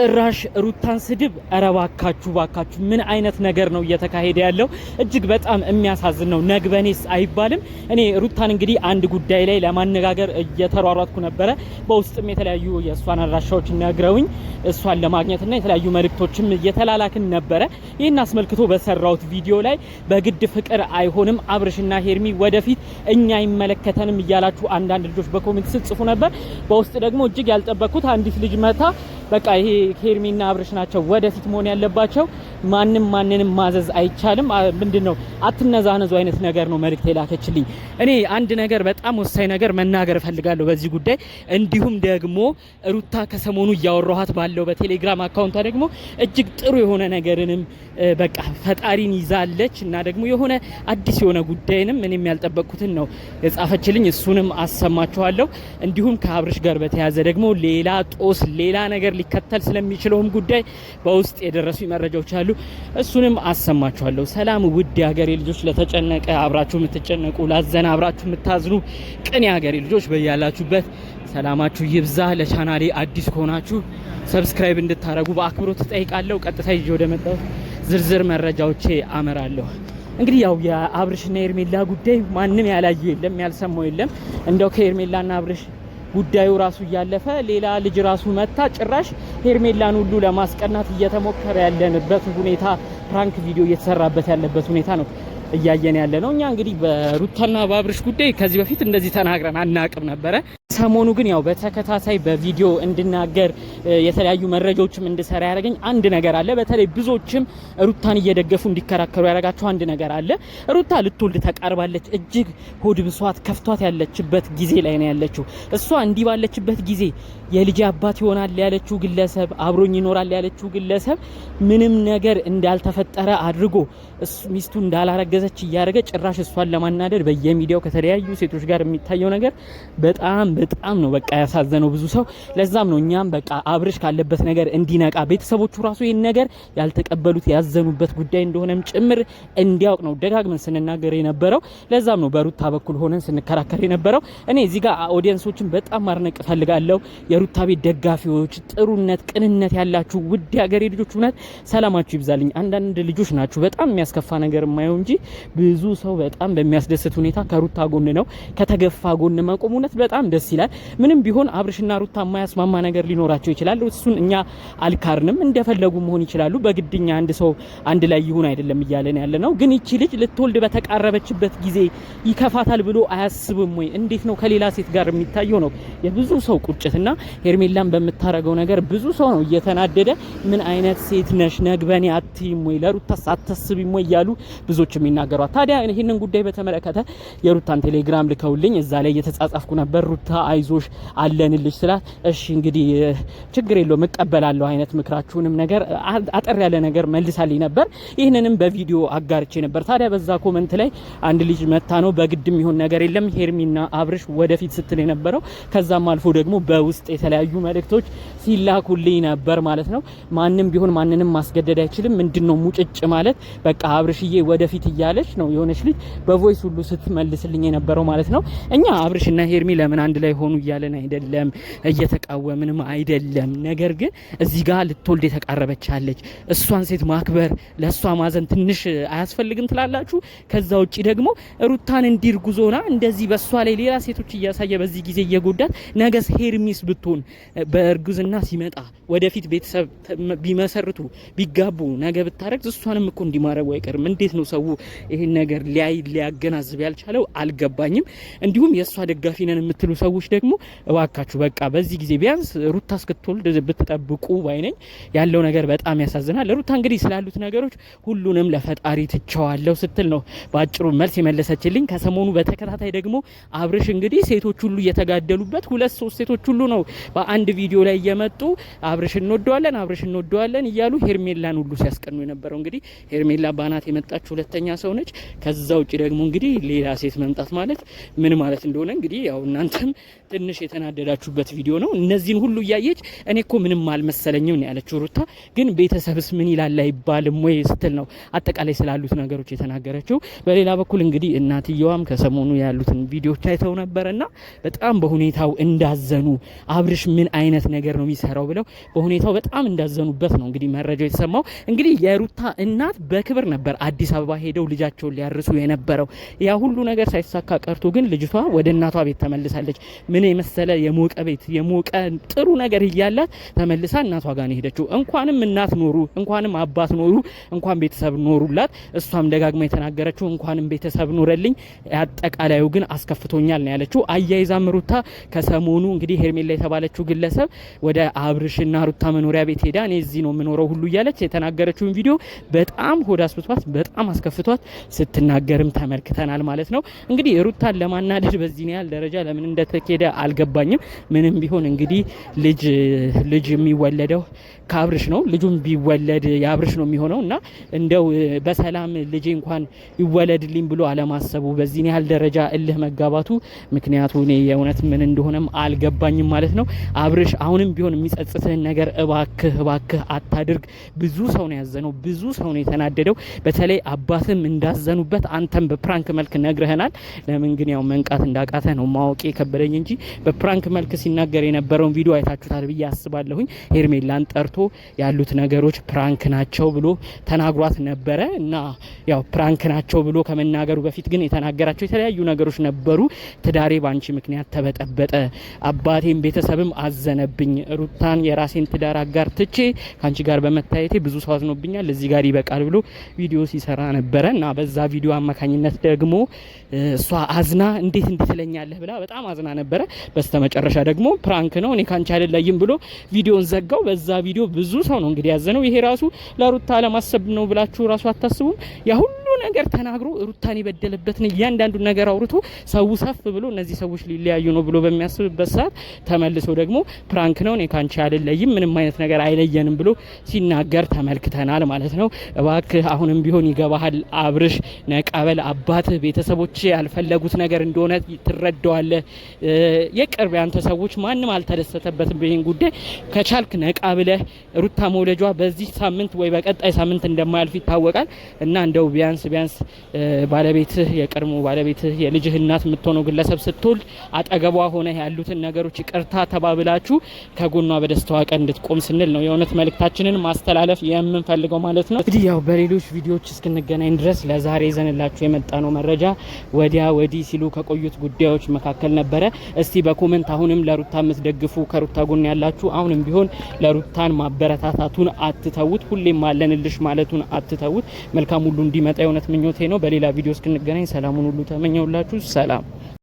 ጭራሽ ሩታን ስድብ። ኧረ ባካችሁ ባካችሁ፣ ምን አይነት ነገር ነው እየተካሄደ ያለው? እጅግ በጣም የሚያሳዝን ነው። ነግበኔስ አይባልም። እኔ ሩታን እንግዲህ አንድ ጉዳይ ላይ ለማነጋገር እየተሯሯጥኩ ነበረ። በውስጥም የተለያዩ የእሷን አድራሻዎች ነግረውኝ እሷን ለማግኘትና የተለያዩ መልእክቶችም እየተላላክን ነበረ። ይህን አስመልክቶ በሰራሁት ቪዲዮ ላይ በግድ ፍቅር አይሆንም አብርሽና ሄርሚ ወደፊት እኛ አይመለከተንም እያላችሁ አንዳንድ ልጆች በኮሜንት ስጽፉ ነበር። በውስጥ ደግሞ እጅግ ያልጠበቅኩት አንዲት ልጅ መታ በቃ ይሄ ሄርሚና አብርሽ ናቸው ወደፊት መሆን ያለባቸው። ማንም ማንንም ማዘዝ አይቻልም። ምንድን ነው አትነዛነዙ አይነት ነገር ነው መልእክት የላከችልኝ። እኔ አንድ ነገር በጣም ወሳኝ ነገር መናገር እፈልጋለሁ በዚህ ጉዳይ። እንዲሁም ደግሞ ሩታ ከሰሞኑ እያወራኋት ባለው በቴሌግራም አካውንቷ ደግሞ እጅግ ጥሩ የሆነ ነገርንም በቃ ፈጣሪን ይዛለች እና ደግሞ የሆነ አዲስ የሆነ ጉዳይንም እኔም ያልጠበቅኩትን ነው የጻፈችልኝ። እሱንም አሰማችኋለሁ። እንዲሁም ከአብርሽ ጋር በተያያዘ ደግሞ ሌላ ጦስ ሌላ ነገር ነገር ሊከተል ስለሚችለውም ጉዳይ በውስጥ የደረሱ መረጃዎች አሉ። እሱንም አሰማችኋለሁ። ሰላም ውድ የሀገሬ ልጆች፣ ለተጨነቀ አብራችሁ የምትጨነቁ፣ ላዘነ አብራችሁ የምታዝኑ ቅን የሀገሬ ልጆች በያላችሁበት ሰላማችሁ ይብዛ። ለቻናሌ አዲስ ከሆናችሁ ሰብስክራይብ እንድታደረጉ በአክብሮት እጠይቃለሁ። ቀጥታ ይዤ ወደ መጣሁት ዝርዝር መረጃዎቼ አመራለሁ። እንግዲህ ያው የአብርሽና የኤርሜላ ጉዳይ ማንም ያላየው የለም ያልሰማው የለም። እንደው ከኤርሜላና አብርሽ ጉዳዩ ራሱ እያለፈ ሌላ ልጅ ራሱ መታ ጭራሽ ሄርሜላን ሁሉ ለማስቀናት እየተሞከረ ያለንበት ሁኔታ ፕራንክ ቪዲዮ እየተሰራበት ያለበት ሁኔታ ነው እያየን ያለ ነው። እኛ እንግዲህ በሩታና በአብርሽ ጉዳይ ከዚህ በፊት እንደዚህ ተናግረን አናቅም ነበረ። ሰሞኑ ግን ያው በተከታታይ በቪዲዮ እንድናገር የተለያዩ መረጃዎችም እንድሰራ ያደረገኝ አንድ ነገር አለ። በተለይ ብዙዎችም ሩታን እየደገፉ እንዲከራከሩ ያደረጋቸው አንድ ነገር አለ። ሩታ ልትወልድ ተቃርባለች። እጅግ ሆድ ብሷት ከፍቷት ያለችበት ጊዜ ላይ ነው ያለችው። እሷ እንዲህ ባለችበት ጊዜ የልጅ አባት ይሆናል ያለችው ግለሰብ፣ አብሮኝ ይኖራል ያለችው ግለሰብ ምንም ነገር እንዳልተፈጠረ አድርጎ ሚስቱ እንዳላረገዘች እያደረገ ጭራሽ እሷን ለማናደድ በየሚዲያው ከተለያዩ ሴቶች ጋር የሚታየው ነገር በጣም በጣም ነው በቃ ያሳዘነው ብዙ ሰው። ለዛም ነው እኛም በቃ አብርሽ ካለበት ነገር እንዲነቃ ቤተሰቦቹ ራሱ ይህን ነገር ያልተቀበሉት ያዘኑበት ጉዳይ እንደሆነም ጭምር እንዲያውቅ ነው ደጋግመን ስንናገር የነበረው። ለዛም ነው በሩታ በኩል ሆነን ስንከራከር የነበረው። እኔ እዚህ ጋር ኦዲየንሶችን በጣም ማድነቅ እፈልጋለሁ። የሩታ ቤት ደጋፊዎች፣ ጥሩነት፣ ቅንነት ያላችሁ ውድ የሀገሬ ልጆች እውነት ሰላማችሁ ይብዛልኝ። አንዳንድ ልጆች ናችሁ በጣም የሚያስከፋ ነገር የማየው እንጂ ብዙ ሰው በጣም በሚያስደስት ሁኔታ ከሩታ ጎን ነው ከተገፋ ጎን መቆም እውነት በጣም ደስ ደስ ይላል። ምንም ቢሆን አብርሽና ሩታ የማያስማማ ነገር ሊኖራቸው ይችላል። እሱን እኛ አልካርንም። እንደፈለጉ መሆን ይችላሉ። በግድኛ አንድ ሰው አንድ ላይ ይሁን አይደለም እያለን ያለ ነው። ግን ይቺ ልጅ ልትወልድ በተቃረበችበት ጊዜ ይከፋታል ብሎ አያስብም ወይ? እንዴት ነው ከሌላ ሴት ጋር የሚታየው? ነው የብዙ ሰው ቁጭትና ሄርሜላን በምታረገው ነገር ብዙ ሰው ነው እየተናደደ ምን አይነት ሴት ነሽ ነግበኔ አትይም ወይ ለሩታ አታስቢም ወይ እያሉ ብዙዎች የሚናገሯት። ታዲያ ይህንን ጉዳይ በተመለከተ የሩታን ቴሌግራም ልከውልኝ እዛ ላይ እየተጻጻፍኩ ነበር ሩታ አይዞሽ አለንልሽ ስላት እሺ እንግዲህ ችግር የለው እቀበላለሁ አይነት ምክራችሁንም ነገር አጠር ያለ ነገር መልሳልኝ ነበር። ይህንንም በቪዲዮ አጋርቼ ነበር። ታዲያ በዛ ኮመንት ላይ አንድ ልጅ መታ ነው በግድም ይሁን ነገር የለም ሄርሚና አብርሽ ወደፊት ስትል የነበረው ከዛም አልፎ ደግሞ በውስጥ የተለያዩ መልእክቶች ሲላኩልኝ ነበር ማለት ነው። ማንም ቢሆን ማንንም ማስገደድ አይችልም። ምንድን ነው ሙጭጭ ማለት በቃ አብርሽዬ ወደፊት እያለች ነው የሆነች ልጅ በቮይስ ሁሉ ስትመልስልኝ የነበረው ማለት ነው። እኛ አብርሽና ሄርሚ ለምን አንድ ላይ ሆኑ እያለን አይደለም፣ እየተቃወምንም አይደለም። ነገር ግን እዚህ ጋር ልትወልድ የተቃረበች አለች። እሷን ሴት ማክበር፣ ለእሷ ማዘን ትንሽ አያስፈልግም ትላላችሁ? ከዛ ውጭ ደግሞ ሩታን እንዲርጉዞና እንደዚህ በእሷ ላይ ሌላ ሴቶች እያሳየ በዚህ ጊዜ እየጎዳት ነገስ ሄርሚስ ብትሆን በእርግዝና ሲመጣ ወደፊት ቤተሰብ ቢመሰርቱ ቢጋቡ ነገ ብታረግዝ እሷንም እኮ እንዲማረጉ አይቀርም። እንዴት ነው ሰው ይህን ነገር ሊያይ ሊያገናዝብ ያልቻለው አልገባኝም። እንዲሁም የእሷ ደጋፊ ነን የምትሉ ሰው ሰዎች ደግሞ እባካችሁ በቃ በዚህ ጊዜ ቢያንስ ሩታ እስክትወልድ ብትጠብቁ ባይነኝ። ያለው ነገር በጣም ያሳዝናል። ሩታ እንግዲህ ስላሉት ነገሮች ሁሉንም ለፈጣሪ ትቸዋለሁ ስትል ነው በአጭሩ መልስ የመለሰችልኝ። ከሰሞኑ በተከታታይ ደግሞ አብርሽ እንግዲህ ሴቶች ሁሉ እየተጋደሉበት ሁለት ሶስት ሴቶች ሁሉ ነው በአንድ ቪዲዮ ላይ እየመጡ አብርሽ እንወደዋለን፣ አብርሽ እንወደዋለን እያሉ ሄርሜላን ሁሉ ሲያስቀኑ የነበረው እንግዲህ ሄርሜላ ባናት የመጣች ሁለተኛ ሰው ነች። ከዛ ውጭ ደግሞ እንግዲህ ሌላ ሴት መምጣት ማለት ምን ማለት እንደሆነ እንግዲህ ያው እናንተም ትንሽ የተናደዳችሁበት ቪዲዮ ነው። እነዚህን ሁሉ እያየች እኔ እኮ ምንም አልመሰለኝም ነው ያለችው። ሩታ ግን ቤተሰብስ ምን ይላል አይባልም ወይ ስትል ነው አጠቃላይ ስላሉት ነገሮች የተናገረችው። በሌላ በኩል እንግዲህ እናትየዋም ከሰሞኑ ያሉትን ቪዲዮዎች አይተው ነበርና በጣም በሁኔታው እንዳዘኑ አብርሽ ምን አይነት ነገር ነው የሚሰራው ብለው በሁኔታው በጣም እንዳዘኑበት ነው እንግዲህ መረጃው የተሰማው። እንግዲህ የሩታ እናት በክብር ነበር አዲስ አበባ ሄደው ልጃቸውን ሊያርሱ የነበረው ያ ሁሉ ነገር ሳይሳካ ቀርቶ ግን ልጅቷ ወደ እናቷ ቤት ተመልሳለች። ምን የመሰለ የሞቀ ቤት የሞቀ ጥሩ ነገር እያላት ተመልሳ እናቷ ጋር ሄደችው። እንኳንም እናት ኖሩ፣ እንኳንም አባት ኖሩ፣ እንኳን ቤተሰብ ኖሩላት። እሷም ደጋግማ የተናገረችው እንኳንም ቤተሰብ ኖረልኝ፣ አጠቃላዩ ግን አስከፍቶኛል ነው ያለችው። አያይዛም ሩታ ከሰሞኑ እንግዲህ ሄርሜላ የተባለችው ግለሰብ ወደ አብርሽና ሩታ መኖሪያ ቤት ሄዳ እኔ እዚህ ነው የምኖረው ሁሉ እያለች የተናገረችውን ቪዲዮ በጣም ሆድ አስብቷት በጣም አስከፍቷት ስትናገርም ተመልክተናል ማለት ነው። እንግዲህ ሩታን ለማናደድ በዚህ ያህል ደረጃ ለምን እንደ እንደተካሄደ አልገባኝም። ምንም ቢሆን እንግዲህ ልጅ ልጅ የሚወለደው ከአብርሽ ነው። ልጁም ቢወለድ የአብርሽ ነው የሚሆነው እና እንደው በሰላም ልጅ እንኳን ይወለድልኝ ብሎ አለማሰቡ በዚህን ያህል ደረጃ እልህ መጋባቱ ምክንያቱ እኔ የእውነት ምን እንደሆነም አልገባኝም ማለት ነው። አብርሽ አሁንም ቢሆን የሚጸጽትህን ነገር እባክህ እባክህ አታድርግ። ብዙ ሰው ነው ያዘነው፣ ብዙ ሰው ነው የተናደደው። በተለይ አባትም እንዳዘኑበት አንተም በፕራንክ መልክ ነግረህናል። ለምን ግን ያው መንቃት እንዳቃተ ነው ማወቅ የከበደ መሰለኝ እንጂ በፕራንክ መልክ ሲናገር የነበረውን ቪዲዮ አይታችሁታል ብዬ አስባለሁኝ። ሄርሜላን ጠርቶ ያሉት ነገሮች ፕራንክ ናቸው ብሎ ተናግሯት ነበረ እና ያው ፕራንክ ናቸው ብሎ ከመናገሩ በፊት ግን የተናገራቸው የተለያዩ ነገሮች ነበሩ። ትዳሬ በአንቺ ምክንያት ተበጠበጠ፣ አባቴም ቤተሰብም አዘነብኝ፣ ሩታን የራሴን ትዳር አጋር ትቼ ከአንቺ ጋር በመታየቴ ብዙ ሰው አዝኖብኛል፣ እዚህ ጋር ይበቃል ብሎ ቪዲዮ ሲሰራ ነበረ እና በዛ ቪዲዮ አማካኝነት ደግሞ እሷ አዝና እንዴት እንዲትለኛለህ ብላ በጣም አዝና ነበረ። በስተመጨረሻ ደግሞ ፕራንክ ነው እኔ ካንቺ አይደለይም ብሎ ቪዲዮን ዘጋው። በዛ ቪዲዮ ብዙ ሰው ነው እንግዲህ ያዘነው። ይሄ ራሱ ለሩታ ለማሰብ ነው ብላችሁ ራሱ አታስቡም ያ ሁሉ ነገር ተናግሮ ሩታን ነው እያንዳንዱን ነገር አውርቶ ሰው ሰፍ ብሎ እነዚህ ሰዎች ሊለያዩ ነው ብሎ በሚያስብበት ሰዓት ተመልሶ ደግሞ ፕራንክ ነው እኔ ካንቺ አልለይም ምንም አይነት ነገር አይለየንም ብሎ ሲናገር ተመልክተናል ማለት ነው። እባክህ አሁንም ቢሆን ይገባሃል አብርሽ፣ ነቀበል አባትህ ቤተሰቦች ያልፈለጉት ነገር እንደሆነ ትረዳዋለህ። የቅርብ ያንተ ሰዎች ማንም አልተደሰተበትም ይህን ጉዳይ ከቻልክ ነቃ ብለህ ሩታ መውለጇ በዚህ ሳምንት ወይ በቀጣይ ሳምንት እንደማያልፍ ይታወቃል እና እንደው ቢያንስ ቢያንስ ባለቤትህ የቀድሞ ባለቤትህ የልጅህ እናት የምትሆነው ግለሰብ ስትወልድ አጠገቧ ሆነ ያሉትን ነገሮች ይቅርታ ተባብላችሁ ከጎኗ በደስታዋ ቀን እንድትቆም ስንል ነው የእውነት መልእክታችንን ማስተላለፍ የምንፈልገው ማለት ነው። እንግዲህ ያው በሌሎች ቪዲዮዎች እስክንገናኝ ድረስ ለዛሬ ይዘንላችሁ የመጣ ነው መረጃ ወዲያ ወዲህ ሲሉ ከቆዩት ጉዳዮች መካከል ነበረ። እስቲ በኮመንት አሁንም ለሩታ የምትደግፉ ከሩታ ጎን ያላችሁ አሁንም ቢሆን ለሩታን ማበረታታቱን አትተውት። ሁሌም አለንልሽ ማለቱን አትተውት። መልካም ሁሉ እንዲመጣ የእውነት ምኞቴ ነው። በሌላ ቪዲዮ እስክንገናኝ ሰላሙን ሁሉ ተመኘውላችሁ። ሰላም